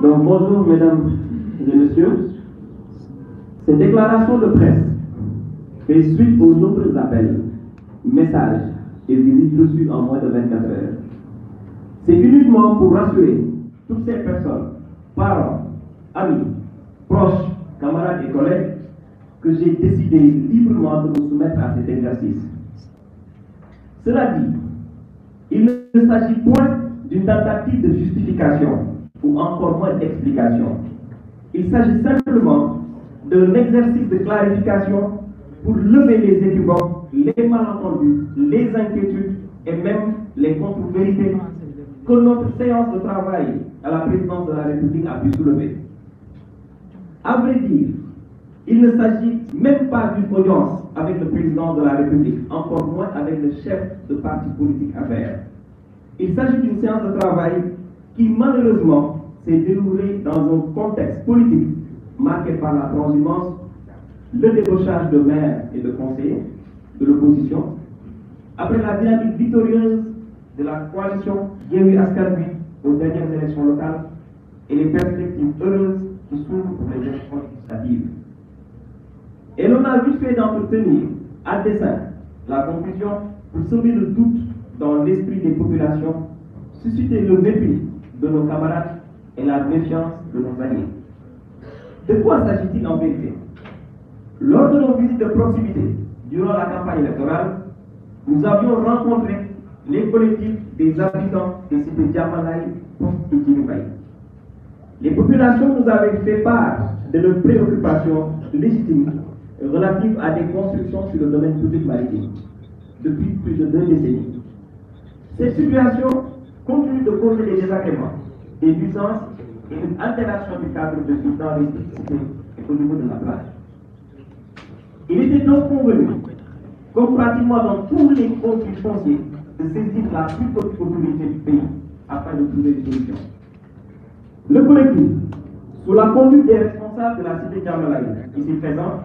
Donc bonjour mesdames et messieurs. Ces déclarations de presse fait suite aux nombreux appels, messages et visites pour rassurer toutes ces personnes, parents, amis, proches, camarades et collègues que j'ai décidé librement de me soumettre à cet exercice. Cela dit, il ne s'agit point d'une tentative de justification ou encore moins d'explication. Il s'agit simplement d'un exercice de clarification pour lever les équivoques, les malentendus, les inquiétudes et même les contre-vérités que notre séance de travail à la présidence de la République a pu soulever. À vrai dire, il ne s'agit même pas d'une audience avec le président de la République, encore moins avec le chef de parti politique à faire. Il s'agit d'une séance de travail qui malheureusement s'est déroulé dans un contexte politique marqué par la transhumance, le débauchage de maires et de conseillers de l'opposition, après la dynamique victorieuse de la coalition Yewwi Askan Wi aux dernières élections et les perspectives heureuses qui s'ouvrent pour les élections Et l'on a vite d'entretenir à dessein la confusion pour semer le doute dans l'esprit des populations, susciter le mépris de nos camarades et la méfiance de nos alliés. De quoi s'agit-il en vérité Lors de nos visites de proximité durant la campagne électorale, nous avions rencontré les collectifs des habitants des cités Diamalaï, Poste et Kinoubaï. Les populations nous avaient fait part de leurs préoccupations légitimes relatives à des constructions sur le domaine public maritime depuis plus de deux décennies. Cette situation Compte tenu de causer des désagréments, des nuisances et une altération du cadre de vie dans les cités et au niveau la plage. Il était donc convenu, comme pratiquement dans tous les comptes de saisir la plus haute autorité du pays afin de trouver des solutions. Le collectif, sous la conduite des responsables de la cité Djamalaï, ici présents,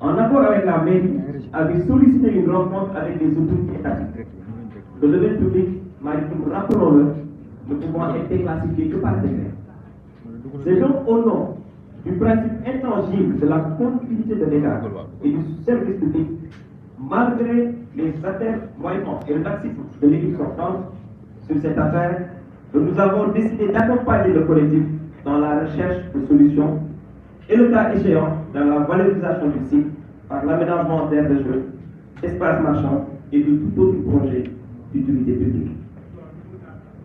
en accord avec la mairie, avait sollicité une rencontre avec les autorités étatiques, le domaine public maritimes, rappelons-le, ne pouvant être classifiés que par décret. C'est donc au nom du principe intangible de la continuité de l'État et du service public, malgré les atermoiements et le laxisme de l'équipe sortante sur cette affaire, que nous avons décidé d'accompagner le collectif dans la recherche de solutions et le cas échéant dans la valorisation du site par l'aménagement d'aires de jeu, espaces marchands et de tout autre projet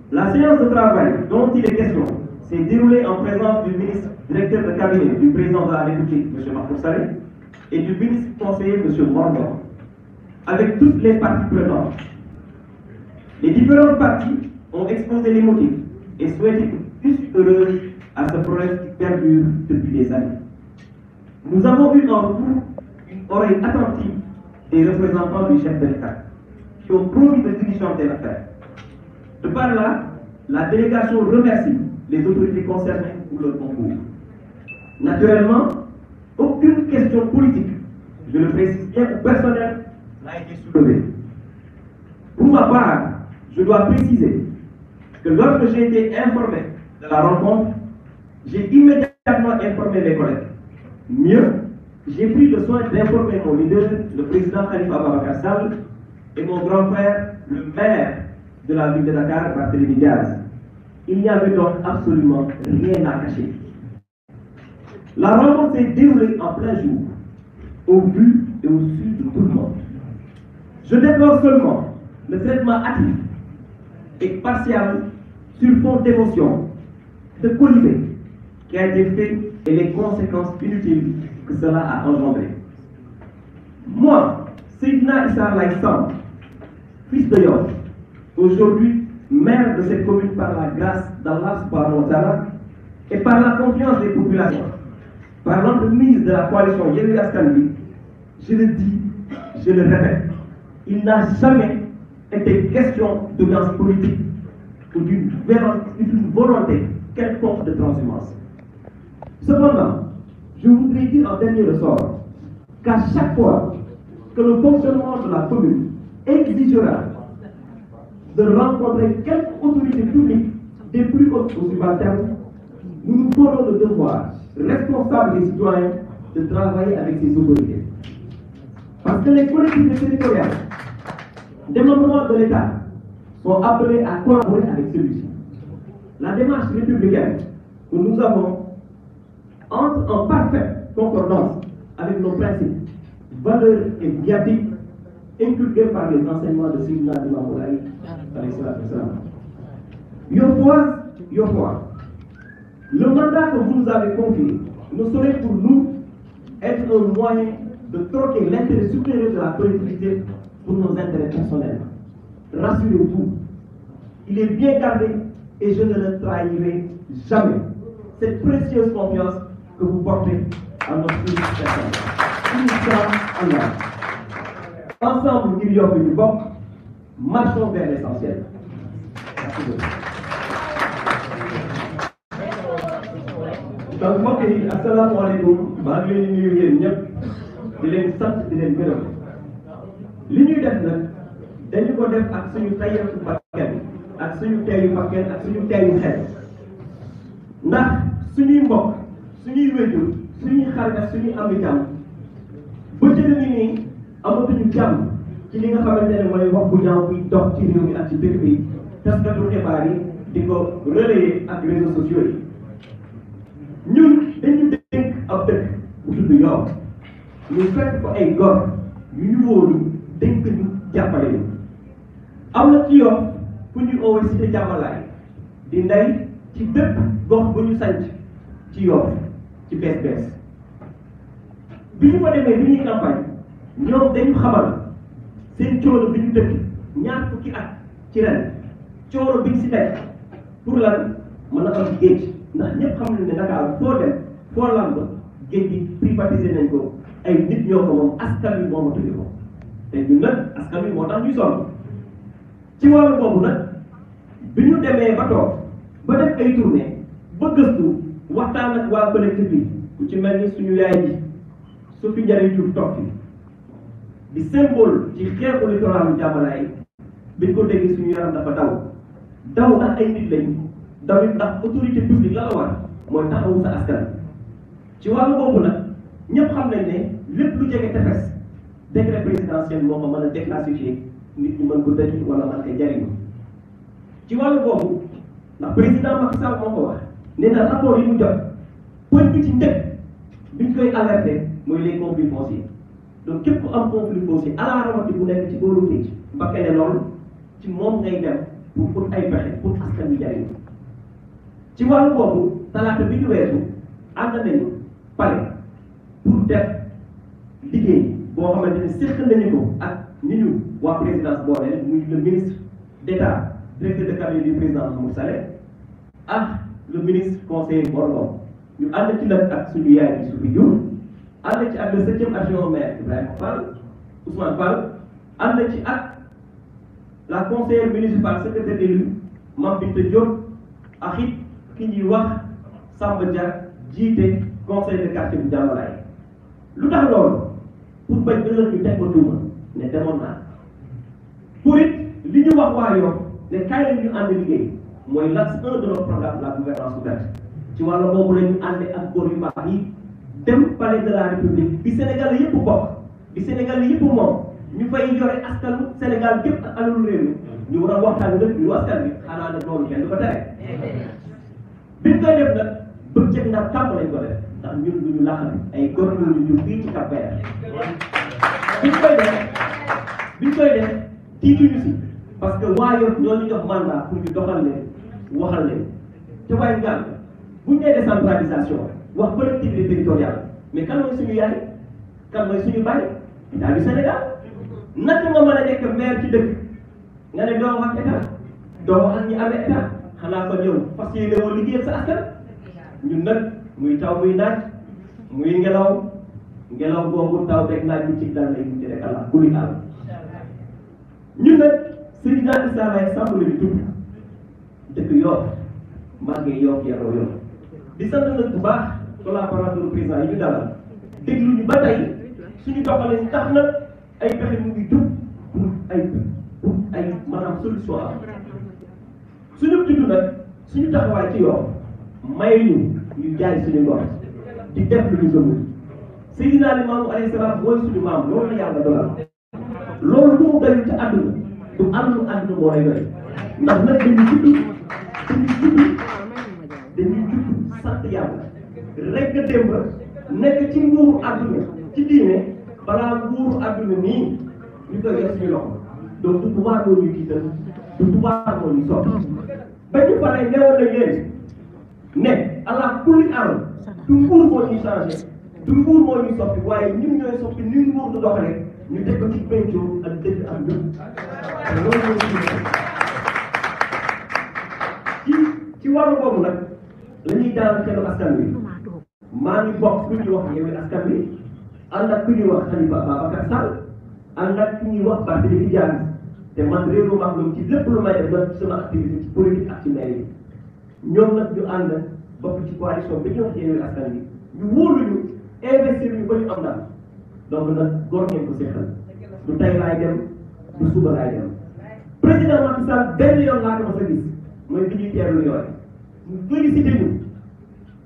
La séance de travail dont il est question s'est déroulée en présence du ministre directeur de cabinet du président de la République, M. du ministre conseiller, M. Morgan, avec toutes les parties prenantes. Les différentes parties ont exposé les motifs et souhaité une heureuse à ce projet qui depuis des années. Nous avons eu en cours une attentive des représentants du chef de l'État qui ont promis de diriger telle affaire De par là, la délégation remercie les autorités concernées pour leur concours. Naturellement, aucune question politique, je le précise bien, ou personnelle, n'a été soulevée. Pour ma part, je dois préciser que lorsque j'ai été informé de la rencontre, j'ai immédiatement informé mes collègues. Mieux, j'ai pris le soin d'informer mon leader, le président Khalifa Ababakar Sall, et mon grand frère, le maire de la ville de Dakar, Barthélémy Diaz. Il n'y avait donc absolument rien à cacher. La rencontre s'est déroulée en plein jour, au but et au sud tout le monde. Je déplore seulement le traitement actif et partial sur fond d'émotion, de colibé qui a été fait et les conséquences inutiles que cela a engendré. Moi, Sidna Issa Laïssan, fils aujourd'hui maire de cette commune par la grâce d'Allah subhanahu wa ta'ala et par la confiance des populations, par l'entremise de la coalition Yewwi Askan Wi, je le dis, je le répète, il n'a jamais été question d'audience politique ou d'une volonté quelconque de transhumance. Cependant, je voudrais dire en dernier ressort qu'à chaque fois que le fonctionnement de la commune exigera de rencontrer quelque autorité publique des plus hautes au subalternes, nous nous prenons le devoir responsable des citoyens de travailler avec ces autorités. Parce que les collectivités territoriales, démembrement de l'État, sont appelés à collaborer avec celui-ci. La démarche républicaine que nous avons entre en parfaite concordance avec nos principes, inculqué par les enseignements de Sidna Limamou Laye alayhi salatu wassalam. Yopoa, Yopoa, le mandat que vous nous avez confié ne saurait pour nous être un moyen de troquer l'intérêt supérieur de la collectivité pour nos intérêts personnels. Rassurez-vous, il est bien gardé et je ne le jamais. Cette précieuse confiance que vous portez à notre pays. ensemble ngir yokk ñu bokk marchons vers l'essentiel merci beaucoup. donc mbokk yi asalaamaaleykum maa ngi leen di nuyu yéen ñëpp di leen sant di leen gërëm li ñuy def nag dañu ko def ak suñu tayeefu bakkan ak suñu teeyu bakkan ak suñu teeyu xel ndax suñuy mbokk suñuy wéjur suñuy xarit ak suñuy am itam bu jëlee nii. amatuñu jàmm ci li nga xamante ne mooy wax bu ñaaw bi dox ci réew mi ak ci dëkk bi taskatu xibaar yi di ko relayer ak réseaux sociaux yi ñun dañu dénk ab ko ay gor yu ñu wóolu dénk ñu jàppale ñu am na ci Yoff fu ñuy oowee cité jàmmalaay di ndey ci bépp gox bu ñu sanc ci Yoff ci bees ñoom dañu xamal seen coono bi ñu dëkk ñaar fukki at ci ren coono bi ñu si teg pour lan mën a am géej ndax ñëpp xam nañ ne Dakar foo dem foo lamb géej gi privatisé nañ ay nit ñoo ko moom askan wi moo ma tudd ko te ñun nag askan wi moo tax ñuy sonn ci wàllu boobu nag bi ñu demee ba toog ba def ay tournée ba gëstu waxtaan ak waa collectif bi ku ci mel ni suñu yaay ji su fi njëriñ Diouf toog di symbole ci xeexu littoral bi jàmbalaay biñ ko déggee suñu yaram dafa daw daw ndax ay nit lañ daw it ndax autorité publique la la war mooy taxawu sa askan ci wàllu boobu nag ñëpp xam nañ ne lépp lu jege tefes décret présidentiel moo ko mën a déclassifier nit ñi mën ko dëkki wala mën ko jariñu ci wàllu boobu ndax président Macky Sall moo ko wax na rapport yi mu jot point bi ci njëkk biñ koy alerté mooy les conflits fonciers donc képp ku am conflit fossé ala rawati bu nekk ci booru géej mbakke ne loolu ci moom ngay dem pour pour ay pexe pour askan wi ci wàllu boobu talaata bi ñu weesu ànd nañu pare pour def liggéey boo xamante ne séq nañu ko ak ni ñu waa présidence boole muy le ministre d'état directeur de cabinet du président Mamour Saleh ak le ministre conseiller Borloo ñu ànd ci lan ak suñu yaay bi suñu ànd ci ak le septième adjoint au maire Ibrahima Fall Ousmane ci ak la conseillère municipale secrétaire d'élu Mame Binta Diop ak it ki ñuy wax Samba Dia jiite conseil de quartier bu Diamalaye lu tax loolu pour bañ ëllëg ñu teg ko tuuma ne demoon naa pour it li ñu wax ne kaay la ñu liggéey mooy l'axe un de notre programme la gouvernance ouverte ci wàllu boobu la ñu àndee ak góor yu baax yi. dem palais de la république bi Sénégal yëpp bokk bi Sénégal yëpp moom ñu fay yore askanu Sénégal gépp ak alalu réew mi ñu war a waxtaan lépp ñu askan bi xanaa nag loolu kenn du ko tere biñ koy def nag bëccëg nag tàmm lañ ko def ndax ñun duñu laxal ay góor ñu ñu fii ci Cap-Vert biñ koy def biñ koy def tiituñu si parce que waa yoon ñoo ñu jox mandat pour ñu doxal leen waxal leen te waaye ngaan buñ nee décentralisation wax collectivité territoriale mais kan mooy suñu yaay kan mooy suñu baay état bi Sénégal naka nga mën a nekk maire ci dëkk nga ne doo wax ak état doo wax ak ñi amee état xanaa fa ñëw fas yéene woo liggéeyal sa askan ñun nag muy taw muy naaj muy ngelaw ngelaw boobu taw beeg naaj bi ci daan lay mujj rek àll guddi àll ñun nag sëriñ daal Issa Laye Samb bi tudd dëkk Yoff màggee Yoff yaroo Yoff di sant nag bu baax. collaborateur président yi ñu a déglu ñu ba tey suñu doxalee tax na ay pexe mu ngi jub pour ay pour ay maanaam solution am suñu tudd nag suñu taxawaay ci yoon may ñu ñu jaay suñu ngor di def lu ñu gëmul Seydina Limaamu alayhi salaam mooy suñu maam loolu la yàlla dogal loolu lu mu doyul ci àdduna du àdduna àdduna moo lay doy ndax nag dañuy judd dañuy judd dañuy rek nga démb nekk ci nguuru àdduna ci diine balaa nguuru àdduna nii ñu koy def suñu loxo donc du pouvoir moo ñuy diital du pouvoir moo ñuy soppi ba ñu paree ne allah kulli am du nguur moo ñuy changé du nguur moo ñuy soppi ni nguur du ci penco ak dëgg am ñëpp te loolu mooy ci ci wàllu boobu nag la ñuy daal xelu askan maa ngi bokk ku ñuy wax Yewwi Askan Wi ànd ak ku ñuy wax Khalifa Babacar Sall ànd ak ku ñuy wax Barthélémy Dias te man réew mi moom ci lépp lu may def doon ci sama activité ci politique ak ci mbay mi ñoom nag ñu ànd bokk ci coalition bi ñu wax Yewwi Askan Wi ñu wóolu ñu investir ñu ba ñu am daal donc nag góor ngeen ko seqal du tey laay dem du suba laay dem président Macky Sall benn yoon laa ko mos a gis mooy bi ñuy teerlu yooyu ñu félicité ñu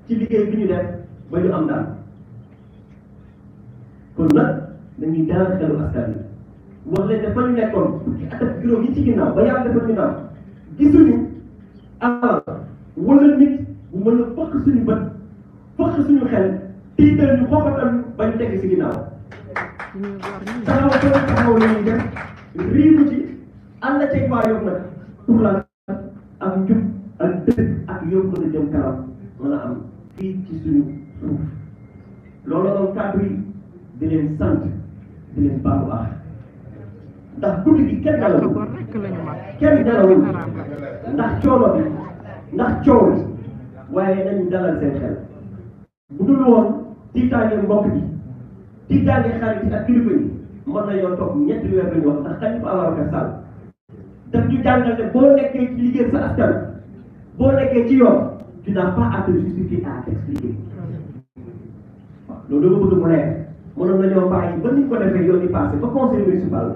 ci liggéey bi ñu def. ba ñu am dara kon nag dañuy dalal xelu askan bi wax leen ne fa ñu nekkoon at ak juróom yi ci ginnaaw ba yàlla defal ñu naan gisuñu alal wala nit bu mën a fokk suñu bët fokk xel tiital ñu xoxatal ñu bañ tekki si ginnaaw taxaw soo taxaw la ñuy def riiru ci ànd ceeg waa yoon nag pour la ak njub ak dëgg ak yóbbu na jëm kanam mën a loolu doon kàddu yi di leen sant di leen baalu baax ndax guddi gi kenn dalawul kenn dalawul ndax coono bi ndax coow bi waaye nañu dalal seen xel bu dul woon tiitaange mbokk bi tiitaange xarit yi ak kilifa yi mën nañoo toog ñetti weer lañu wax ndax xalifa daf ñu jàngal ne boo nekkee ci liggéey sa askan boo nekkee ci yoon tu n'as pas à te justifier à expliquer loolu dama bëgg mu leer mënoon nañoo bàyyi ba ni ko defee yoon yi passé ba conseil municipal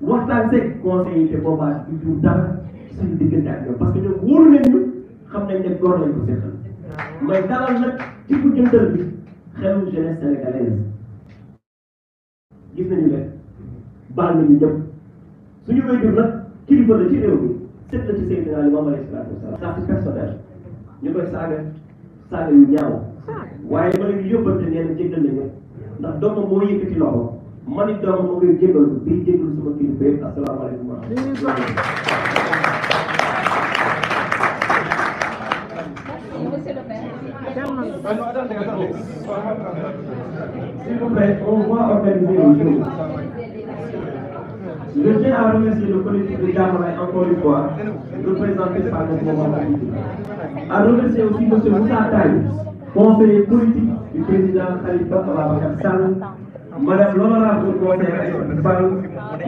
waxtaan seeg conseil yi te boobaa du jur dara suñu diggante ak ñoom parce que ñoom wóolu nañ ñu xam nañ ne góor lañ ko seqal mais dalal nag ci ku jëndal bi xelu jeunesse sénégalaise gis nañu ne baal nañu ñëpp suñu wéyjur nag kilifa la ci réew mi seet la ci Seydina Limaamu alayhi salaatu wa salaam. personnel ñu koy saaga saaga yu ñaaw. waaye ma leen yóbbante nee na jéggal na ñëpp ndax doomam moo yëkkati loxo ma ni doomam moo koy jéggal day jéggal sama kilifa yëpp asalaamaaleykum wa S'il vous plaît, on va organiser le jour. Je tiens à remercier le collectif de Jamalaï encore une fois, représenté par notre moment. À remercier aussi M. Moussa Taï, conseiller politique du président Khalifa Ababacar Sall, Madame l'honorable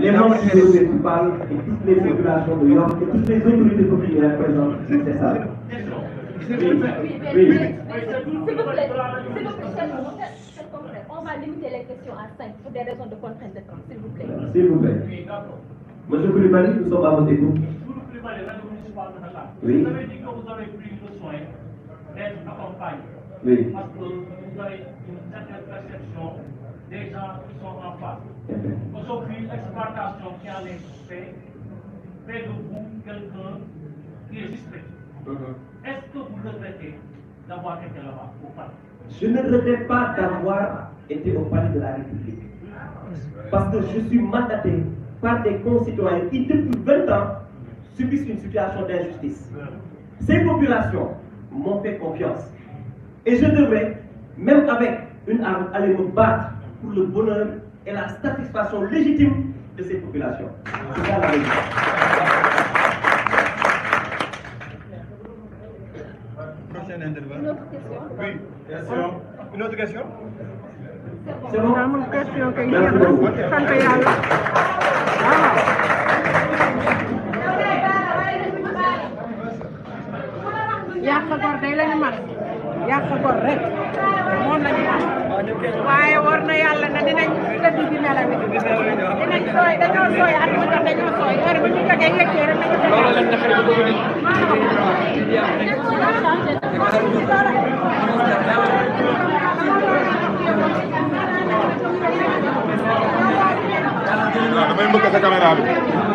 les membres du municipal et toutes les populations de York et toutes les autorités publiques de la présence, c'est ça. Oui, oui. On va limiter les questions à 5 pour des raisons de contrainte de temps, s'il vous plaît. S'il vous plaît. Oui, d'accord. Monsieur Koulibaly, nous sommes à votre écoute. Monsieur Koulibaly, la municipale de Dakar, vous avez dit que vous avez pris le soin d'être accompagné. Oui. Parce que vous avez une certaine perception des gens qui sont en face. Aujourd'hui, l'exploitation qui en est faite fait de vous quelqu'un qui est uh-huh. Je ne regrette pas d'avoir été au palais de la République. Parce que je suis mandaté par des concitoyens qui, depuis 20 ans, subissent une situation d'injustice. Ces populations m'ont fait confiance. Et je devrais, même avec une arme, aller me battre pour le bonheur et la satisfaction légitime de ces populations. C'est ça la raison. Prochaine intervention. Une autre question. Oui, question. Une autre question. C'est bon. amul question kay jeex na sant yàlla waaw. yàq gor day lañu mën. yàq gor rek moom la ñu am waaye war na yàlla ne dinañ tëdd di nelaw dinañ sooy dañoo sooy at mu jot dañoo sooy heure bu ñu jógee yëkkee rek damay mbëkk sa caméra bi